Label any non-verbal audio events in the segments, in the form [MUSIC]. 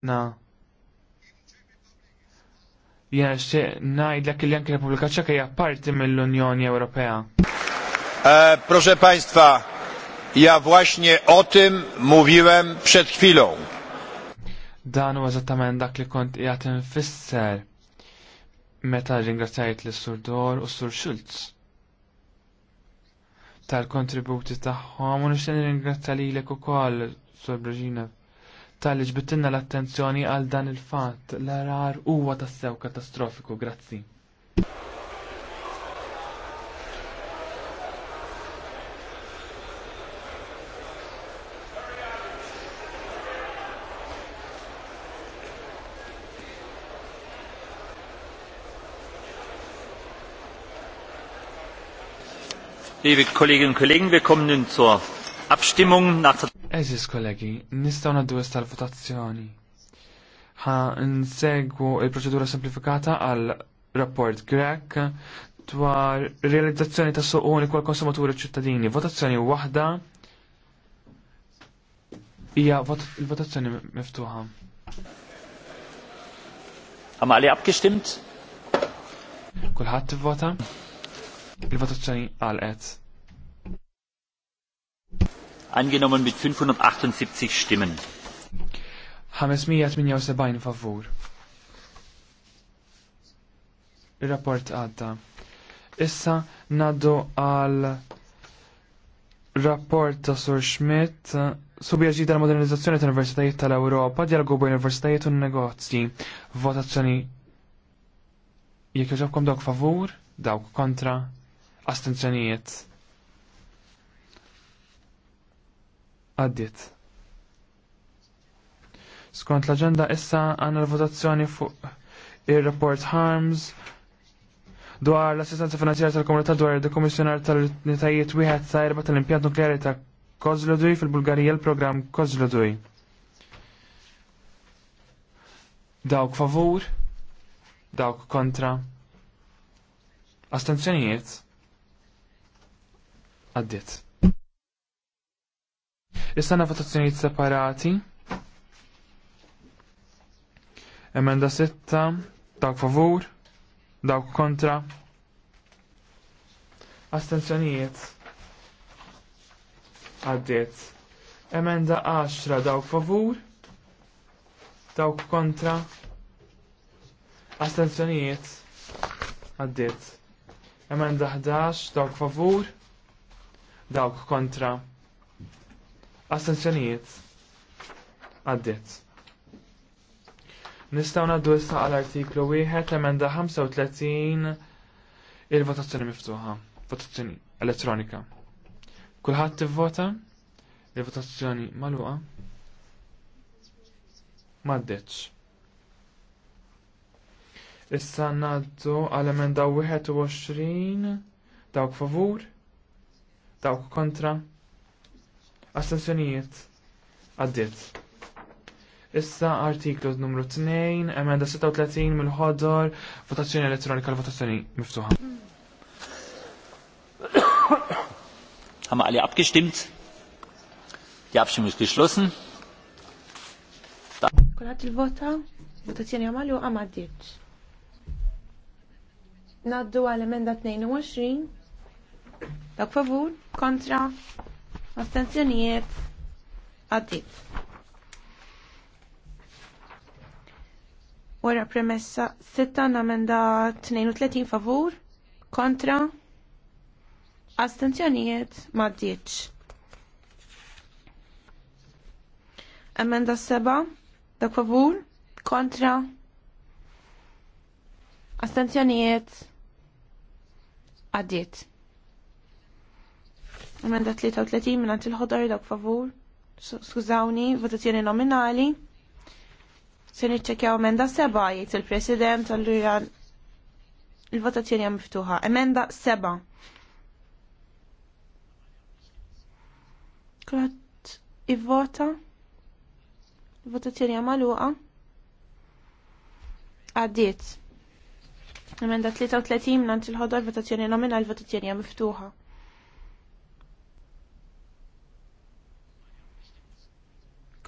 Na. Jena xtieq ngħidlek li anke Republika Ċeka hija parti mill-Unjoni Ewropea. E, proszę Państwa, ja właśnie o tym mówiłem przed chwilą. Dan huwa eżattament dak li kont qiegħed infisser meta ringrazzjajt lis sur Dor u Sur Schulz tal-kontributi tagħhom u nixtieq ringrazzja lilek ukoll Sur Breġinev tal ġbittinna l-attenzjoni għal dan il-fat l-arar huwa tassew katastrofiku, grazzi. Liebe Kolleginnen und Kollegen, wir kommen nun zur Abstimmung nach Eżis kollegi, nistaw naddu tal-votazzjoni. Ha nsegwu il-proċedura semplifikata għal rapport grek dwar realizzazzjoni ta' suq uniku għal konsumaturi ċittadini. Votazzjoni waħda hija il-votazzjoni miftuħa. Haben alle Kulħat Kulħadd vota Il-votazzjoni għal-et angenommen mit 578 Stimmen. 578 favur. rapport għadda. Issa naddu għal rapport ta' Sur Schmidt eh, subja ġdida modernizzazzjoni tal-Universitajiet tal-Ewropa, dialogu bejn universitajiet u negozji, votazzjoni jekk joġobkom dawk favur, dawk kontra, astenzjonijiet. għaddiet. Skont l-agenda issa għanna l-votazzjoni fuq il-report Harms dwar l-assistenza finanzjarja tal-komunità dwar il-dekommissjonar tal-nitajiet wieħed sa erba tal-impjant nukleari ta' Kozloduj fil-Bulgarija l-programm Kozloduj. Dawk favur, dawk kontra. Astenzjonijiet? Għaddiet. Issa na votazzjonijiet separati. Emenda 6, dawk favur, dawk kontra. Astenzjonijiet. Għaddiet. Emenda 10, dawk favur, dawk kontra. Astenzjonijiet. Għaddiet. Emenda 11, dawk favur, dawk kontra. Assenzjonijiet? għaddit. Nistaw naddu issa għal-artiklu 1 emenda 35 il-votazzjoni miftuħa, votazzjoni elettronika. Kulħadd tivvota il-votazzjoni magħluqa m'għaddeċ. Issa naddu għal-emenda 21 dawk favur, dawk kontra, Astenzjonijiet għaddiet. Issa artiklu numru 2, emenda 36 mill-ħodor, votazzjoni elettronika l-votazzjoni miftuħa. [COUGHS] Haben alle abgestimmt? Die Abstimmung ist geschlossen. Kulħat il-vota, votazzjoni għamal u għamaddiet. Naddu għal emenda 22, dak favur, kontra, Astenzjonijiet għaddit. Wara premessa 6 namenda 32 favur kontra astenzjonijiet maddiċ. Emenda 7 dak favur kontra astenzjonijiet għaddiet. Emenda 33 minnant il-ħodar dak favur. Skużawni, votazzjoni nominali. Se niċċekjaw emenda 7 jgħid il-President allura il-votazzjoni hija miftuħa. Emenda 7. Kulħadd ivvota. Il-votazzjoni hija magħluqa. Għaddiet. Emenda 33 minnant il-ħodar votazzjoni nominali votazzjoni hija miftuħa.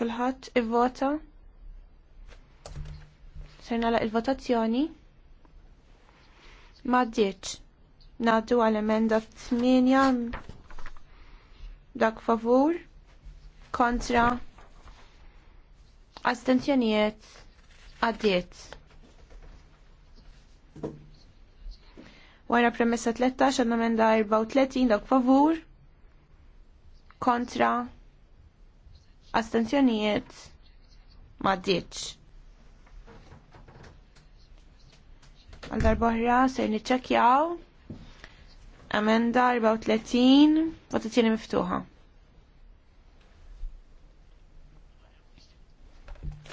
Kulħadd ivvota. Ser nagħlaq il-votazzjoni. Ma ddietx. Ngħaddu għal emenda 8 dak favur kontra astenzjonijiet għaddiet. Wara premessa 13 għandna emenda 34 dak favur kontra astenzjonijiet ma ditx. Għal darbohra ser niċċekjaw emenda 34 votazzjoni miftuħa.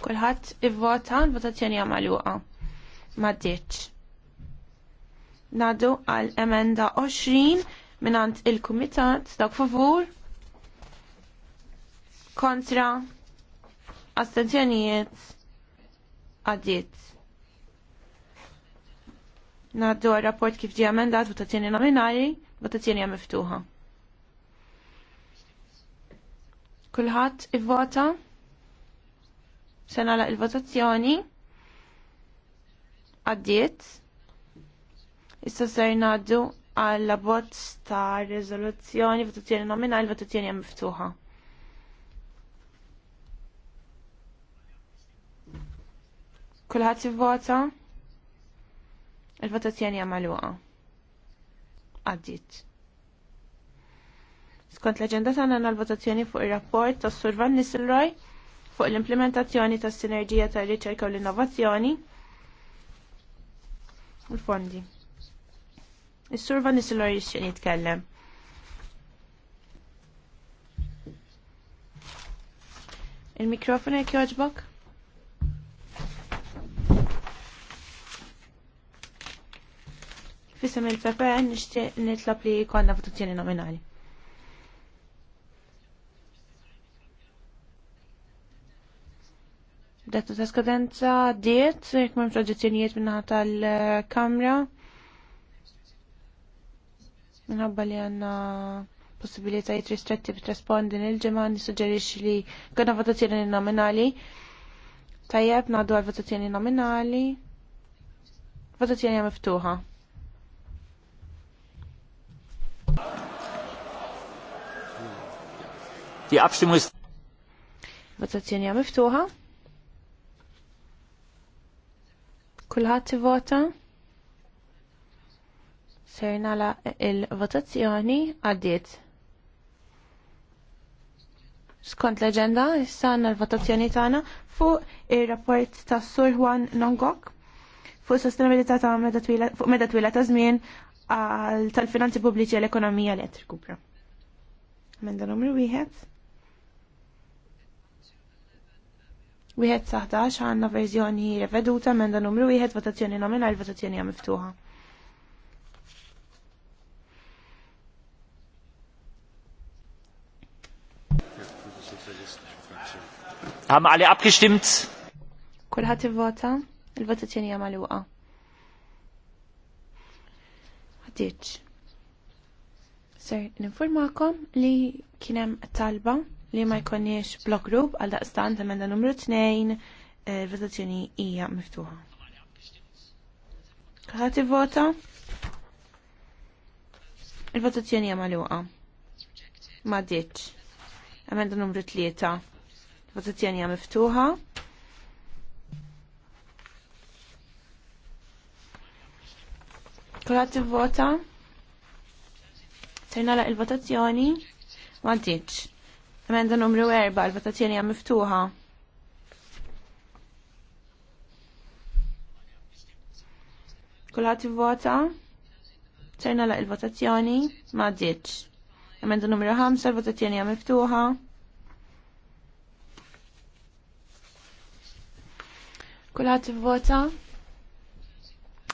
Kulħadd ivvota votazzjoni għamaluqa. Ma ditx. Nadu għal emenda 20 minant il-kumitat dak favur kontra astenzjonijiet għadiet. Naddu għal rapport kif ġie għamendat votazzjoni nominali, votazzjoni hija miftuħa. Kulħadd ivvota se nagħlaq il-votazzjoni għaddiet. Issa ser ngħaddu għal labot ta' riżoluzzjoni votazzjoni nominali, votazzjoni għamiftuħa. miftuħa. Kulħadd ivvota. Il-votazzjoni hija magħluqa. Għaddiet. Skont l-aġenda tagħna l-votazzjoni fuq ir-rapport tas survan Van Nisselroy fuq l-implementazzjoni tas-sinerġija tar-riċerka u l-innovazzjoni u l-fondi. is survan Van Nisselroy jitkellem. Il-mikrofon jekk jogħġbok? Fissem il-PP nixtieq nitlob li jkollna votazzjoni nominali. Detta ta' skadenza diet, jek mem proġezzjonijiet minna tal-kamra. Minħabba li għanna possibilitajiet ristretti b'trespondin il ġeman nissuġġerix li għanna votazzjoni nominali. Tajjeb, naddu għal votazzjoni nominali. Votazzjoni miftuħa. Die Abstimmung ist. Votazzjoni hija miftuħa. Kulħadd ivota. Ser nala il-votazzjoni għaddiet. Skont l-agenda, issa għandna l-votazzjoni tagħna fuq ir-rapport ta' Sur Juan Nongok fuq sostenibilità ta' meda twila ta' żmien tal-finanzi pubbliċi l-ekonomija elettriku. qed Menda numru wieħed. Wieħed saħtax għandna verżjoni reveduta emenda numru wieħed votazzjoni nominal votazzjoni hija miftuħa. Haben alle abgestimmt? Kulħadd ivvota, il-votazzjoni hija magħluqa. Ħadiġ. Ser n-informakom li kien hemm talba li ma jkonniex blok group għal daqstan emenda numru 2 il-votazzjoni eh, hija miftuħa. Kħat vota Il-votazzjoni hija magħluqa. Ma ditx. Emenda numru 3. Il-votazzjoni hija miftuħa. Kulħat vota Sejna la il-votazzjoni. Ma ditx. Emenda numru 4, l-votazzjoni hija miftuħa. Kulħadd vota Serna la il-votazzjoni ma ġietx. Emenda numru 5, l-votazzjoni hija miftuħa. Kulħadd vota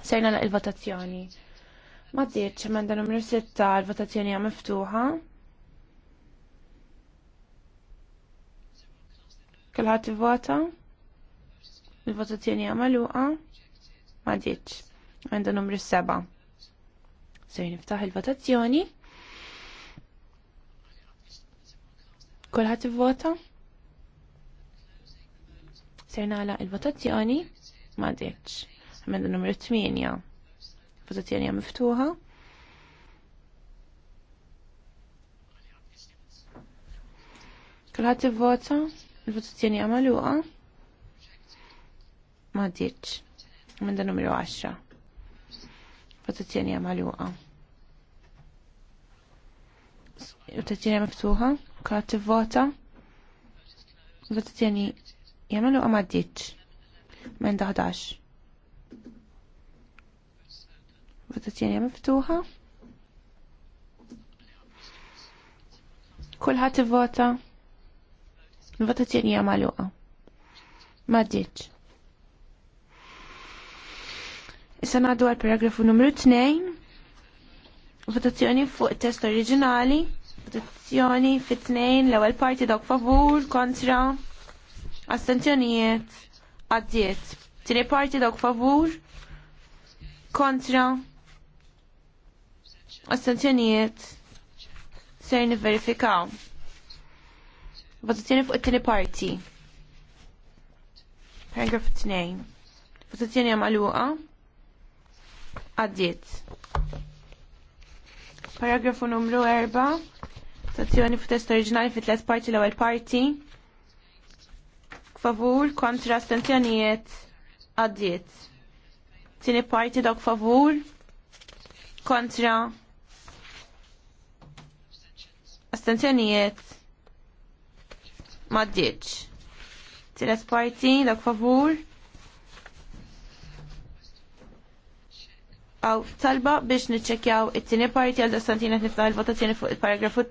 Serna la il-votazzjoni. Ma ġietx emenda numru 6, l-votazzjoni hija miftuħa. Kulħadd ivvota. Il-votazzjoni hija Ma ditx. Għandha numru seba'. Sej niftaħ il-votazzjoni. Kulħadd vota sej nagħlaq il-votazzjoni. Ma ditx. Għamenda numru 8. Votazzjoni hija miftuħa. Kulħadd vota Il-votazzjoni għamaluqa. Ma minn dan numru 10. Votazzjoni għamaluqa. Votazzjoni miftuħa. Kala t-vota. Votazzjoni għamaluqa ma ditx. Menda 11. Votazzjoni miftuħa. Kulħat t-vota. Il-votazzjoni hija magħluqa. M'għaddiċ. Issa ngħaddu għal paragrafu numru 2. Votazzjoni fuq it-test oriġinali. Votazzjoni fit-tnejn l-ewwel parti dawk favur, kontra, astenzjonijiet, għaddiet. Tieni parti dawk favur, kontra, astenzjonijiet, ser niverifikaw. verifikaw Votazzjoni fuq it-tieni parti. Paragraf 2. Votazzjoni magħluqa. Għaddiet. Paragrafu numru 4. Votazzjoni fuq test oriġinali fit tlet parti l-ewwel parti. Favur kontra astenzjonijiet għaddiet. Tieni parti dok favur kontra astenzjonijiet maddiċ. Tiret parti, dak favur. Aw talba biex niċċekjaw it-tieni parti għal dastantina niftaħ il-votazzjoni fuq il-paragrafu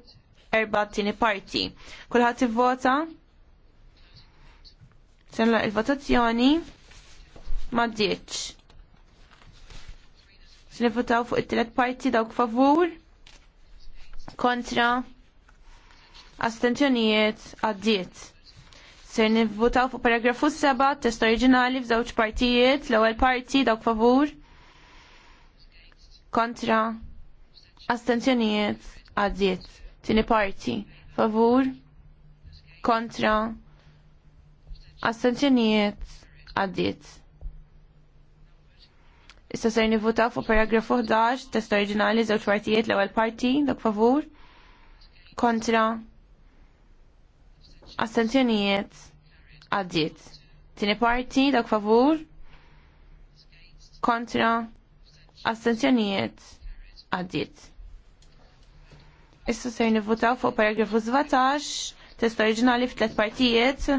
erba' tieni parti. Kulħadd ivvota. Sella il-votazzjoni ma Se Sinifutaw fuq it-tielet parti dawk favur kontra astenzjonijiet għaddiet. Ser nivvutaw fuq paragrafu 7, test oriġinali f'żewġ partijiet, l-ewwel parti dawk favur, kontra, astenzjonijiet għaddiet. Tini parti, favur, kontra, astenzjonijiet għaddiet. Issa ser nivvutaw fuq paragrafu 11, test oriġinali żewġ partijiet l-ewwel parti, dak favur, kontra Assenzjonijiet għaddiet. Tieni parti dak favur kontra astenzjonijiet għaddiet. Issa sejni votaw fuq paragrafu 17, test oriġinali f'tlet partijiet.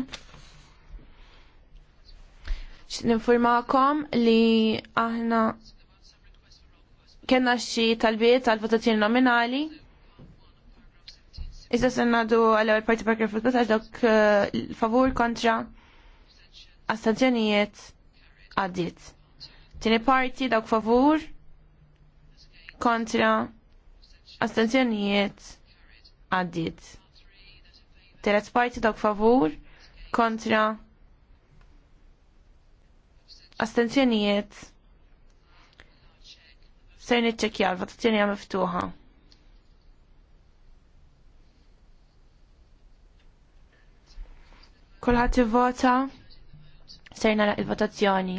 Ninformakom li aħna kena xi talbiet tal-votazzjoni nominali. Issa sennadu għal-ewel parti parker fil-batax dok eh, favur kontra astazzjonijiet għaddit. Tini parti dok favur kontra astazzjonijiet għaddit. Teret parti dok favur kontra astazzjonijiet ser nitċekjaw, votazzjoni għam Kulħadd ivvota sejna la il-votazzjoni.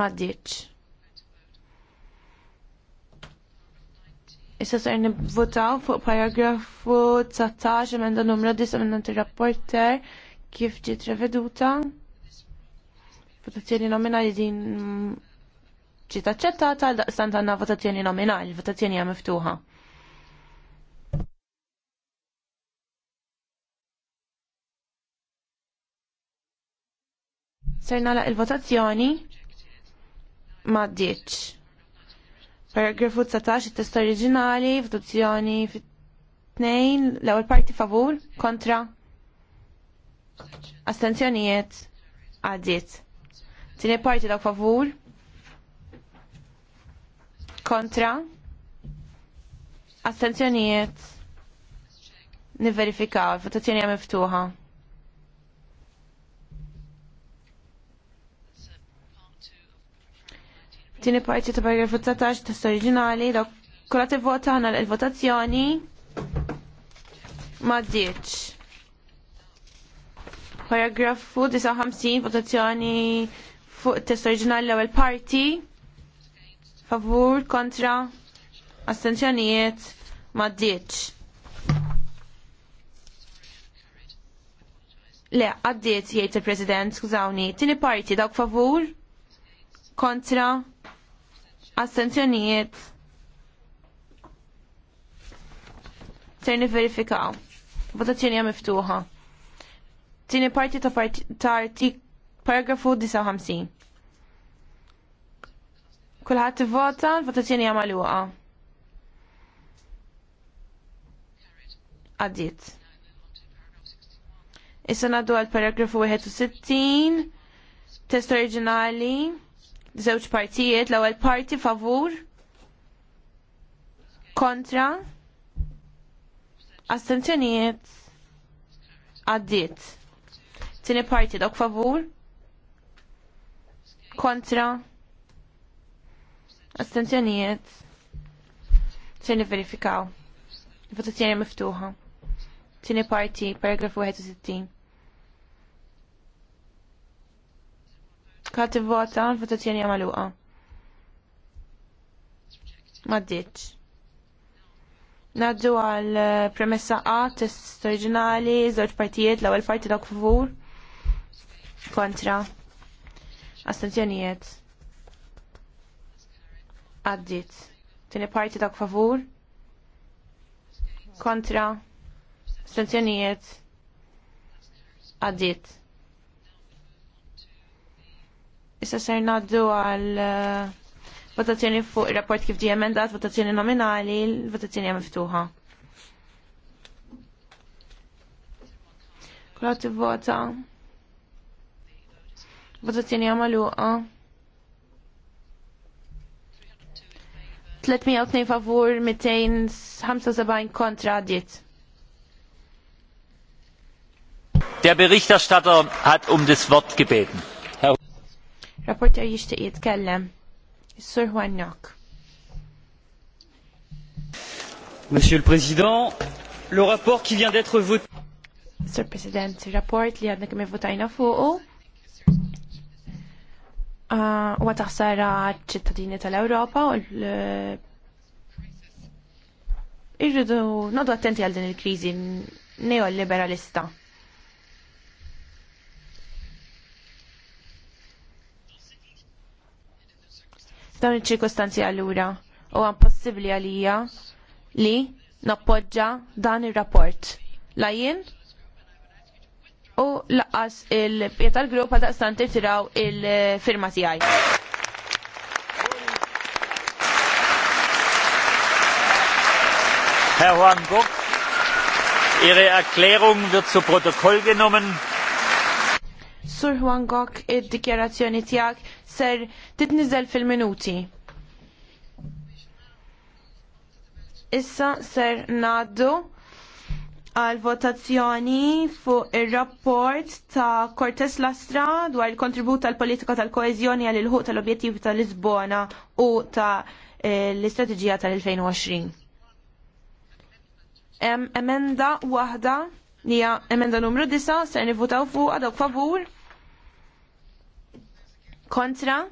Ma Issa sejna nivvotaw fuq paragrafu 19 emenda numru 10 emenda rapporter kif ġiet reveduta. Votazzjoni nominali din ġiet aċċettata l daqstant għandna votazzjoni nominali, votazzjoni hija miftuħa. Ser nagħlaq il-votazzjoni ma ddiċ. Paragrafu 19 it-test oriġinali, votazzjoni fit-tnejn, l-ewwel parti favur, kontra. Astenzjonijiet għaddiet. Tieni parti daw favur, kontra. Astenzjonijiet niverifikaw, votazzjoni hija miftuħa. Tini parti ta' paragrafu 13 test oriġinali, dak kolla t-vota għana l-votazzjoni ma' dieċ. Paragrafu 59, votazzjoni fuq test oriġinali l-ewel parti, favur, kontra, astenzjonijiet, ma' dieċ. Le, għaddiet jgħid il-President, skużawni, tini parti dawk favur, kontra, Astenzjonijiet. Ser verifikaw. Votazzjoni hija miftuħa. Tieni parti ta' parti paragrafu 59. Kulħadd ivvota, l-votazzjoni hija magħluqa. Għaddiet. Issa ngħaddu għal paragrafu 61, test oriġinali żewġ partijiet, l-ewwel parti favur kontra astenzjonijiet għaddiet. Tieni parti dok favur kontra astenzjonijiet se niverifikaw. Votazzjoni miftuħa. Tini parti, paragrafu 61. kulħadd ivvota l-votazzjoni hija magħluqa. M'għaddietx. Naddu għal eh, premessa A, test oriġinali, żewġ partijiet, l-ewwel parti dak kontra astenzjonijiet. Għaddiet. Tieni parti għak fuvur. kontra astenzjonijiet. Għaddiet. Issa ser naddu għal eh, votazzjoni fuq il-rapport kif di emendat, votazzjoni nominali, votazzjoni miftuħa. Kulat vota. Votazzjoni għamaluqa. 302 favur, 275 kontra għadiet. Der Berichterstatter hat um das Wort gebeten. Rapporter jishtiq jitkellem. Sur Juan Nock. Monsieur le Président, le rapport qui vient d'être voté. Président, le rapport li għadna kemm votajna fuqu. Huwa uh, taħsara ċittadini tal-Ewropa u l- Irridu nodu attenti għal din il-kriżi neoliberalista. dawn iċ-ċirkostanzi għallura u għan possibli għalija li nappoġġa dan il rapport La jien u laqqas il-pieta l grup għal daqstan tiraw il-firma tijaj. Herr Hornbuck, Ihre Erklärung wird zu Protokoll genommen. Sur Huangok, id ist ja, Sir titnizzel fil-minuti. Issa ser naddu għal votazzjoni fuq ir-rapport ta' Cortes Lastra dwar il-kontribut tal-politika tal-koezjoni għal il-ħuq tal-objettivi tal-Lisbona u ta' eh, l-istrateġija tal-2020. emenda waħda li emenda numru 9 ser nivvotaw fuq għadok favur kontra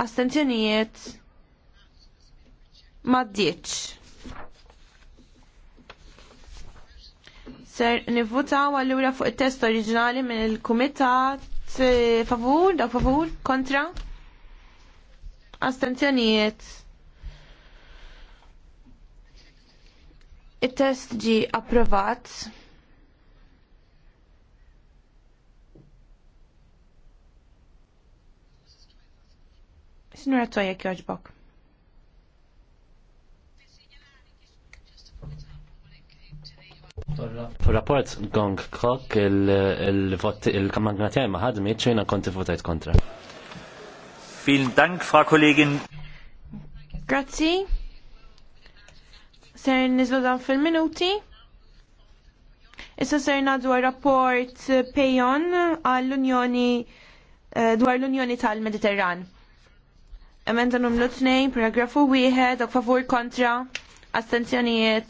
astenzjonijiet ma ddiċ. Ser nivvutaw għallura fuq il-test oriġinali minn il-kumitat eh, favur, da favur, kontra, astenzjonijiet. Il-test ġi approvat. Sinura Tojek joġbok. Rapport Gong Kok il-kammagna il, ma ħadmi ċejna konti votajt kontra. Vielen Dank, Frau Kollegin. Grazzi. Ser nizlu dan fil-minuti. Issa ser nadu rapport Pejon għall-Unjoni eh, dwar l-Unjoni tal-Mediterran. Emenda numru 2, paragrafu 1, dak favur kontra astenzjonijiet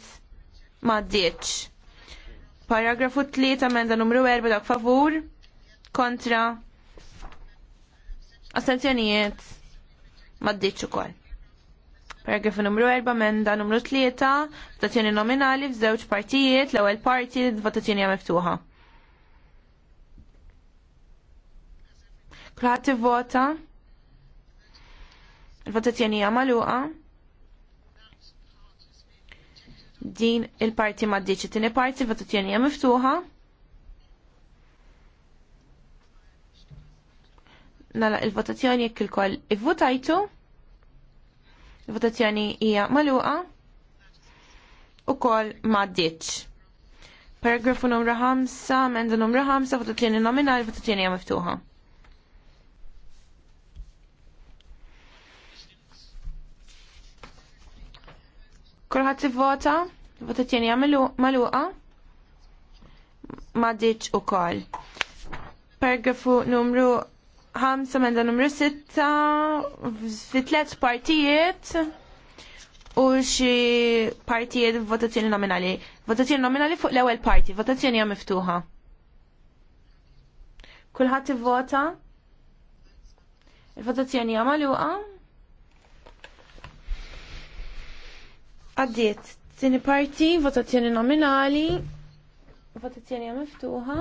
ma ddiċ. Paragrafu 3, emenda numru 4, dak favur kontra astenzjonijiet ma ddiċ ukoll. Paragrafu numru 4, emenda numru 3, votazzjoni nominali f'żewġ partijiet, l-ewwel parti votazzjoni miftuħa. Kulħadd ivvota. vota Il-votazzjoni hija magħluqa. Din il-parti ma' diċi tieni parti, votazzjoni hija miftuħa. Nala il-votazzjoni jekk il-koll ivvotajtu. Il-votazzjoni hija magħluqa. U koll ma' diċ. Paragrafu numru 5, emenda numru 5, votazzjoni nominali, votazzjoni hija miftuħa. Kulħadd ivvota, votazzjoni magħluqa ma ditx ukoll. Paragrafu numru 5 menda numru 6 fi tliet partijiet u xi partijiet votazzjoni nominali. Votazzjoni nominali fuq l-ewwel parti, votazzjoni hija miftuħa. Kulħadd ivvota. Il-votazzjoni hija magħluqa. Għaddiet, tini parti, votazzjoni nominali, votazzjoni miftuħa.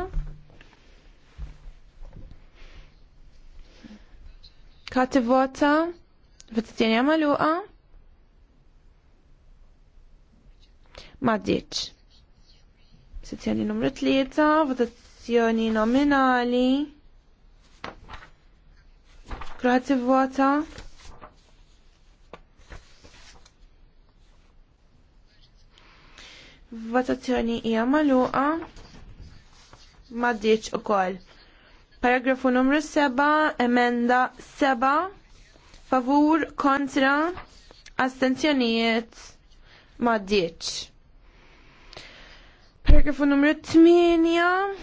Kati vota, votazzjoni għamaluqa. Maddiċ. Sezzjoni numru 3, votazzjoni nominali. Kati vota. Votazzjoni hija magħluqa m'għaddiex ukoll. Paragrafu numru 7, emenda 7, favur kontra astenzjonijiet m'għaddiex. Paragrafu numru 8,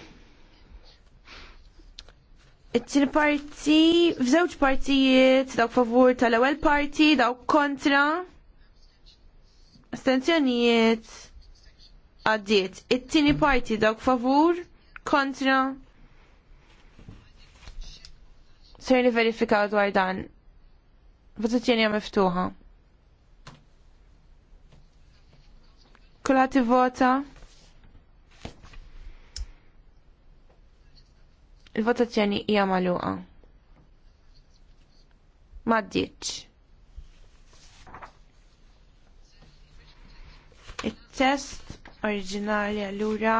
it-tieni parti, f'żewġ partijiet, dawk favur tal-ewwel parti, dawk kontra, astenzjonijiet għaddiet. It-tieni parti dawk favur kontra ser verifikaw dwar dan. Votazzjoni miftuħa. Kulħat vota. Il-votazzjoni hija magħluqa. Maddiċ. Il-test oriġinali allura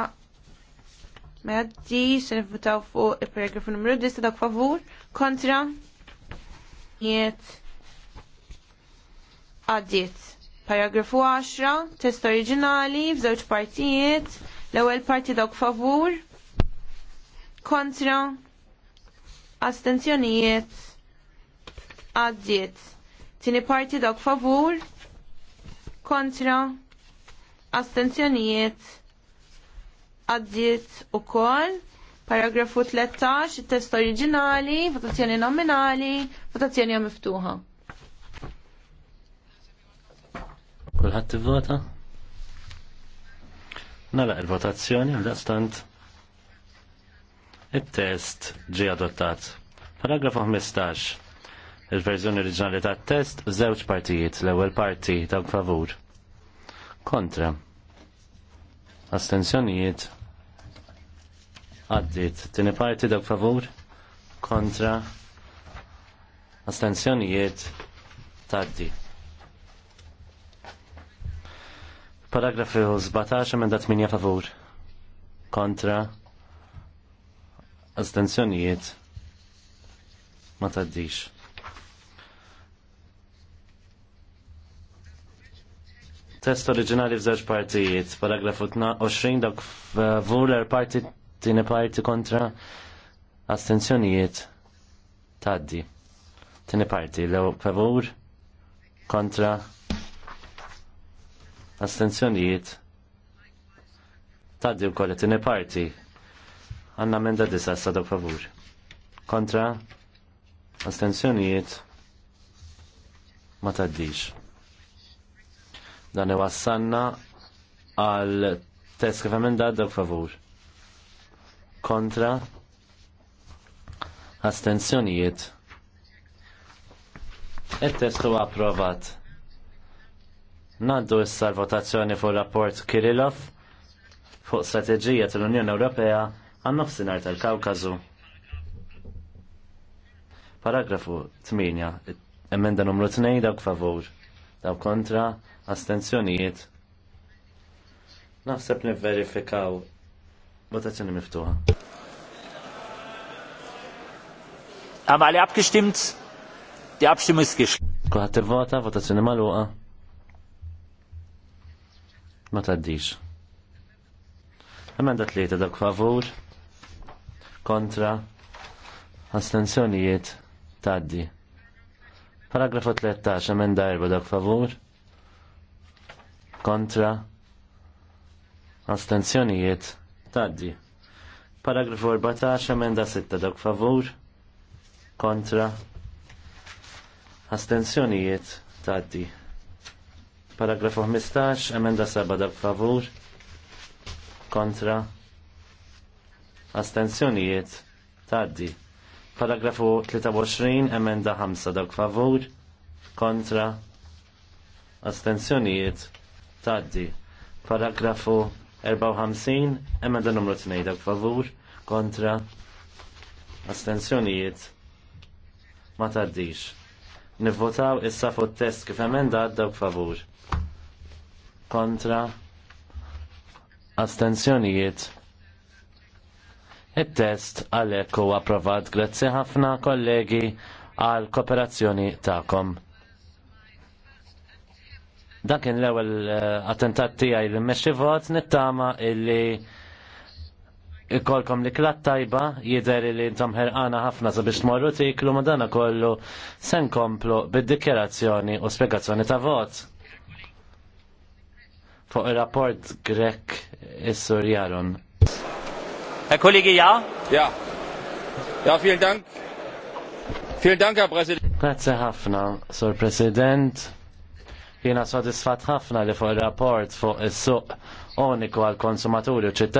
mela di se nivvutaw fuq il-paragrafu numru 10 dak favur kontra jiet għaddiet. Paragrafu 10 test oriġinali f'żewġ partijiet l-ewwel parti dawk favur kontra astenzjonijiet għaddiet. Tini parti dawk favur kontra astenzjonijiet għaddiet u kol Paragrafu 13, il-test oriġinali, votazzjoni nominali, votazzjoni miftuħa. Kulħadd tivvota? Nara il-votazzjoni għal stant. Il-test ġi adottat. Paragrafu 15. Il-verżjoni oriġinali tat-test żewġ partijiet, l-ewwel parti ta' favur kontra astenzjonijiet għaddit tini parti dak favur kontra astenzjonijiet taddi paragrafu 17 emenda minja favur kontra astenzjonijiet ma taddix Test oriġinali f'żewġ partijiet, paragrafu 20 dak vuler parti tieni parti kontra astenzjonijiet taddi. Tieni parti lew favur kontra astenzjonijiet taddi wkoll tieni parti. Għanna menda disa dak favur. Kontra astenzjonijiet ma taddix. Dan iwassanna għal test kif emenda dawk favur. Kontra astenzjonijiet. Il-test huwa approvat. Naddu issa l-votazzjoni fuq rapport Kirillov fuq strateġija tal-Unjoni Ewropea għan nofsinhar tal-Kawkażu. Paragrafu 8, emenda numru 2 dawk favur daw kontra astenzjonijiet. Naħseb nivverifikaw votazzjoni miftuħa. Haben alle abgestimmt? Die Abstimmung ist geschlossen. Kuħat vota, votazzjoni maluqa. Ma taddix. Emenda tlieta dak favur, kontra, astenzjonijiet taddi. Paragrafu 13, emenda erba dak favur. Kontra. Astenzjonijiet. Taddi. Paragrafu 14, emenda 6 dak favur. Kontra. Astenzjonijiet. Taddi. Paragrafu 15, emenda 7 dak favur. Kontra. Astenzjonijiet. Taddi. Paragrafu 23, emenda 5, dak favur, kontra, astensjonijiet, taddi. Paragrafu 54, emenda numru 2, dak favur, kontra, astensjonijiet, ma taddix. Nivvotaw issa fuq test kif emenda dak favur, kontra, astensjonijiet, Il-test għalek u approvat. Grazzi ħafna kollegi għal kooperazzjoni ta'kom. Dan kien l-ewwel eh, attentat tiegħi li mmexxi vot nittama illi ikolkom li klat tajba jidher li intom ħerqana ħafna sabiex tmorru tiklu ma dana kollu se nkomplu bid-dikjerazzjoni u spjegazzjoni ta' vot. Fuq ir rapport Grek is-Sur Herr Kollege, ja? Ja. Ja, vielen Dank. Vielen Dank, Herr Präsident. Grazie ħafna, Sir President. Jena soddisfat ħafna li fuq il-rapport fuq il suq uniku għal konsumaturi u ċittadini.